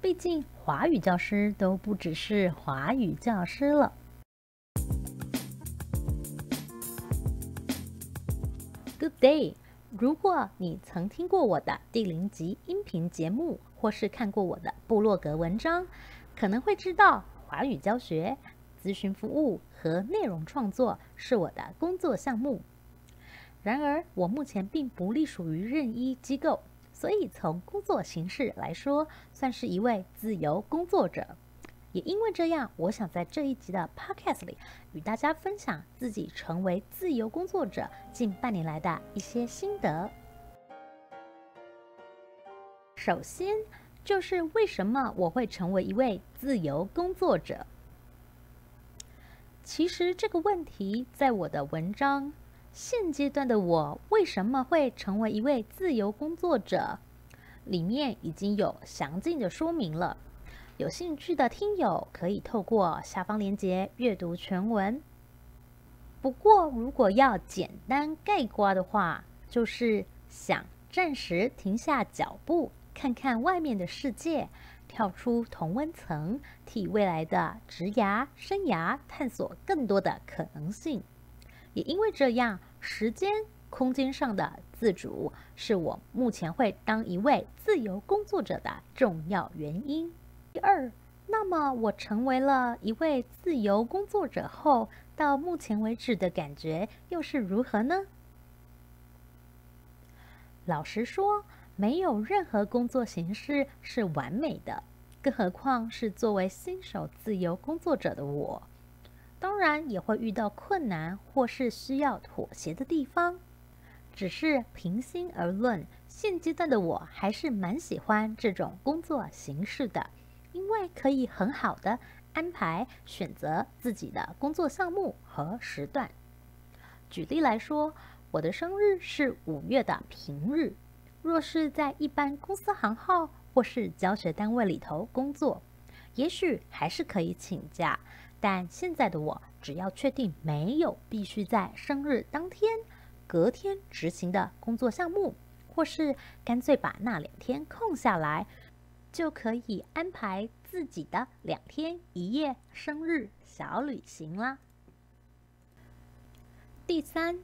畢竟，華語教師都不只是華語教師了。Good day！如果你曾聽過我的第零集音頻節目，或是看過我的部落格文章，可能會知道，華語教學、諮詢服務和內容創作是我的工作項目。然而，我目前並不隸屬於任一機構。所以，從工作形式來說，算是一位自由工作者。也因為這樣，我想在這一集的 Podcast 裡與大家分享自己成為自由工作者近半年來的一些心得。首先，就是為什麼我會成為一位自由工作者？其實這個問題，在我的文章。現階段的我為什麼會成為一位自由工作者？裡面已經有詳盡的說明了，有興趣的聽友可以透過下方鏈接閱讀全文。不過，如果要簡單概括的話，就是想暫時停下腳步，看看外面的世界，跳出同溫層，替未來的職涯生涯探索更多的可能性。因為這樣，時間、空間上的自主是我目前會當一位自由工作者的重要原因。第二，那麼我成為了一位自由工作者後，到目前為止的感覺又是如何呢？老實說，沒有任何工作形式是完美的，更何況是作為新手自由工作者的我。當然也會遇到困難或是需要妥協的地方，只是平心而論，現階段的我還是蠻喜歡這種工作形式的，因為可以很好的安排選擇自己的工作項目和時段。舉例來說，我的生日是五月的平日，若是在一般公司行號或是教學單位裡頭工作，也許還是可以請假。但現在的我，只要確定沒有必須在生日當天、隔天執行的工作項目，或是乾脆把那兩天空下來，就可以安排自己的兩天一夜生日小旅行啦。第三，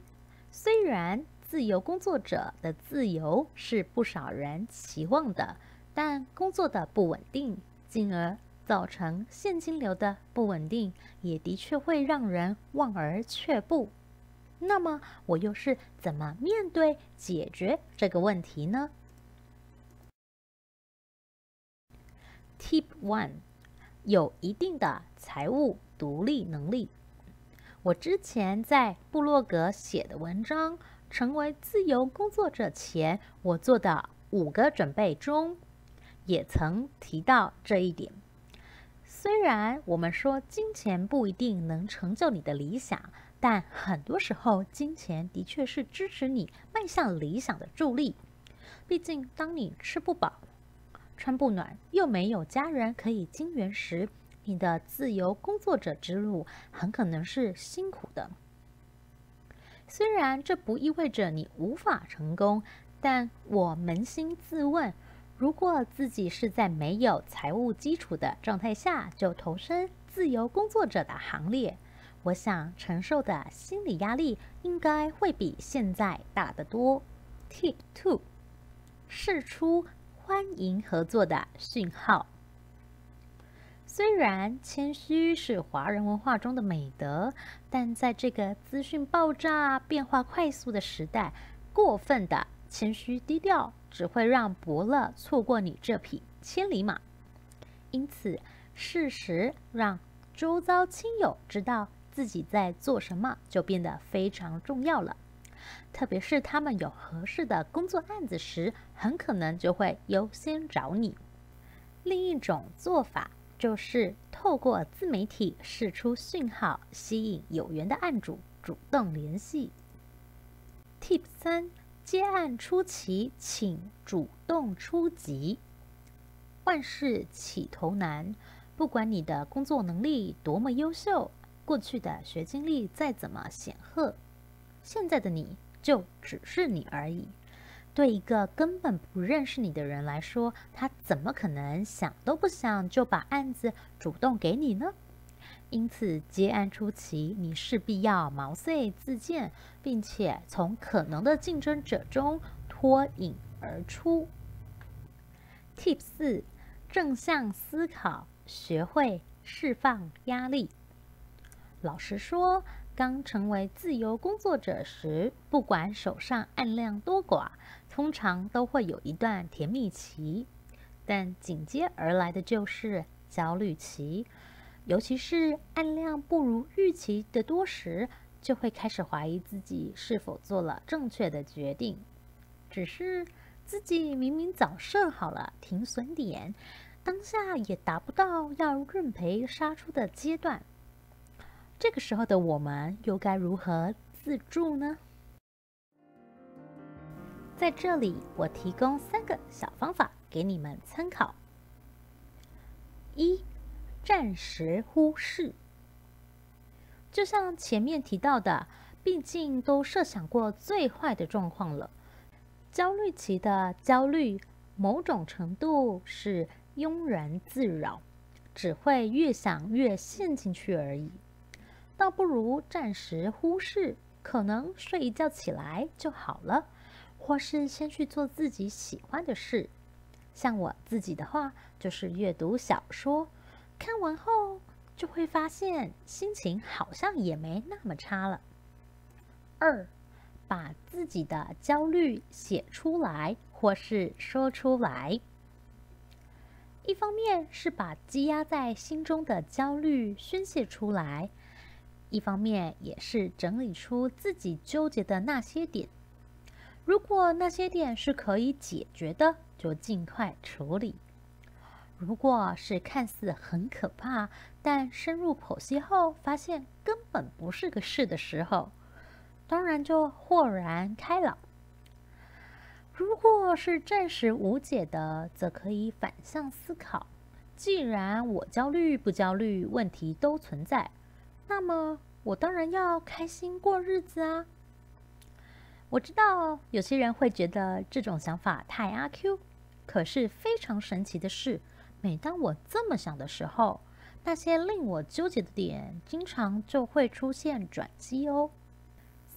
雖然自由工作者的自由是不少人期望的，但工作的不穩定，進而……造成現金流的不穩定，也的確會讓人望而卻步。那麼，我又是怎麼面對、解決這個問題呢？Tip one，有一定的財務獨立能力。我之前在部落格寫的文章《成為自由工作者前我做的五個準備》中，也曾提到這一點。雖然我們說金錢不一定能成就你的理想，但很多時候金錢的確是支持你邁向理想的助力。畢竟，當你吃不飽、穿不暖，又沒有家人可以金援時，你的自由工作者之路很可能是辛苦的。雖然這不意味着你無法成功，但我捫心自問，如果自己是在沒有財務基礎的狀態下就投身自由工作者的行列，我想承受的心理壓力應該會比現在大得多。Tip two，事出歡迎合作的訊號。雖然謙虛是華人文化中的美德，但在這個資訊爆炸、變化快速的時代，過分的謙虛低調。只會讓伯樂錯過你這匹千里馬，因此適時讓周遭親友知道自己在做什麼就變得非常重要了。特別是他們有合適的工作案子時，很可能就會優先找你。另一種做法就是透過自媒體釋出訊號，吸引有緣的案主主動聯繫。Tip 三。接案初期，請主動出擊。萬事起頭難，不管你的工作能力多麼優秀，過去的學經歷再怎麼顯赫，現在的你就只是你而已。對一個根本不認識你的人來說，他怎麼可能想都不想就把案子主動給你呢？因此，接案初期，你勢必要毛遂自薦，並且從可能的競爭者中脫穎而出。Tip 四：正向思考，學會釋放壓力。老實說，剛成為自由工作者時，不管手上案量多寡，通常都會有一段甜蜜期，但緊接而來的就是焦慮期。尤其是案量不如預期的多時，就會開始懷疑自己是否做了正確的決定。只是自己明明早設好了停損點，當下也達不到要認賠殺出的階段。這個時候的我們又該如何自助呢？在這裡，我提供三個小方法給你們參考。一暫時忽視，就像前面提到的，畢竟都設想過最壞的狀況了。焦慮期的焦慮，某種程度是庸人自擾，只會越想越陷進去而已。倒不如暫時忽視，可能睡一覺起來就好了，或是先去做自己喜歡的事。像我自己的話，就是閱讀小說。看完後就會發現，心情好像也沒那麼差了。二，把自己的焦慮寫出來或是說出來，一方面是把積壓在心中的焦慮宣洩出來，一方面也是整理出自己糾結的那些點。如果那些點是可以解決的，就儘快處理。如果是看似很可怕，但深入剖析後發現根本不是個事的時候，當然就豁然開朗。如果是暫時無解的，則可以反向思考：既然我焦慮不焦慮問題都存在，那麼我當然要開心過日子啊！我知道有些人會覺得這種想法太阿 Q，可是非常神奇的是，每當我這麼想的時候，那些令我糾結的點，經常就會出現轉機哦。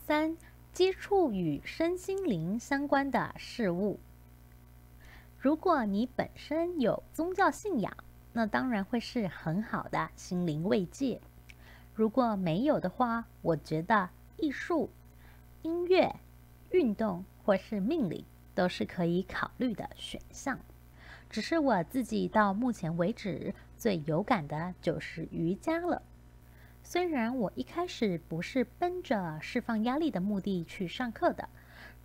三、接觸與身心靈相關的事物。如果你本身有宗教信仰，那當然會是很好的心靈慰藉。如果沒有的話，我覺得藝術、音樂、運動或是命理，都是可以考慮的選項。只是我自己到目前為止最有感的就是瑜伽了。雖然我一開始不是奔着釋放壓力的目的去上課的，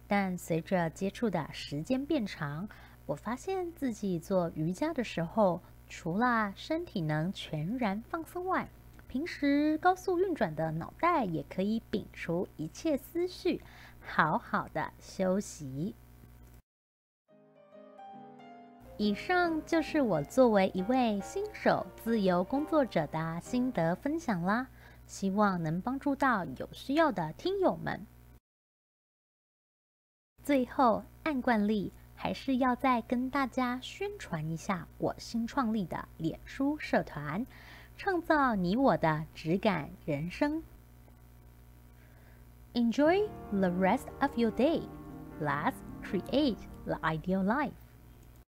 但隨着接觸的時間變長，我發現自己做瑜伽的時候，除了身體能全然放鬆外，平時高速運轉的腦袋也可以摒除一切思緒，好好的休息。以上就是我作為一位新手自由工作者的心得分享啦，希望能幫助到有需要的聽友們。最後，按慣例還是要再跟大家宣傳一下我新創立的臉書社團——創造你我的質感人生。Enjoy the rest of your day, Let's create the ideal life.